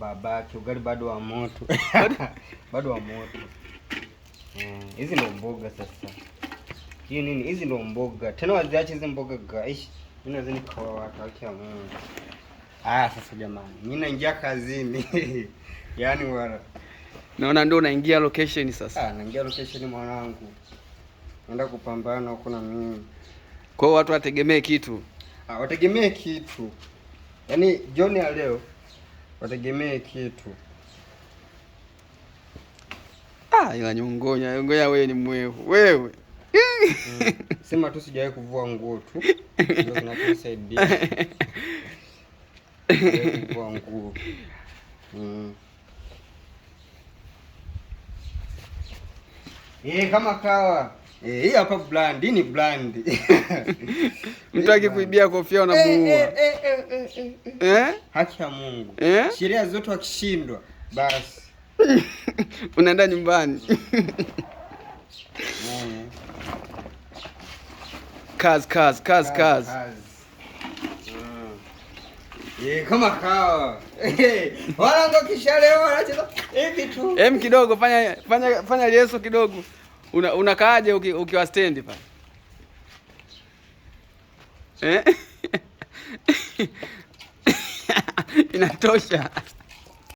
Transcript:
babake, ugali bado wa moto bado wa moto. Eh, hizi ndo mboga sasa. Hii nini? Hizi ndo mboga tena, waziache hizi mboga gaishi mimi nazini kwa Mungu. Ah, sasa jamani, mimi naingia kazini yaani wana naona ndio unaingia location sasa. Ah, naingia location mwanangu, naenda kupambana huko na mimi. Kwa hiyo watu wategemee kitu, ah, wategemee kitu, yaani jioni ya leo wategemee kitu. Ah, ila nyongonya nyongonya, wewe ni mwevu wewe. Mm. Sema tu sijawahi kuvua nguo tu ndio kuvua nguo mm. Eh, kama kawa Eh, hii hapa brand ni brand. Mtu akikuibia eh, kofia unamuua. Eh eh, eh, eh, eh, eh, eh, eh. Haki ya Mungu. Eh? Sheria zote wakishindwa basi unaenda nyumbani. Kaz, kaz, kaz, kaz. Eh, kama kawa. Wala ndo kishalewa anacheza hivi tu. Em kidogo fanya fanya fanya leso kidogo una, unakaaje uki, ukiwa stendi pa eh? Inatosha.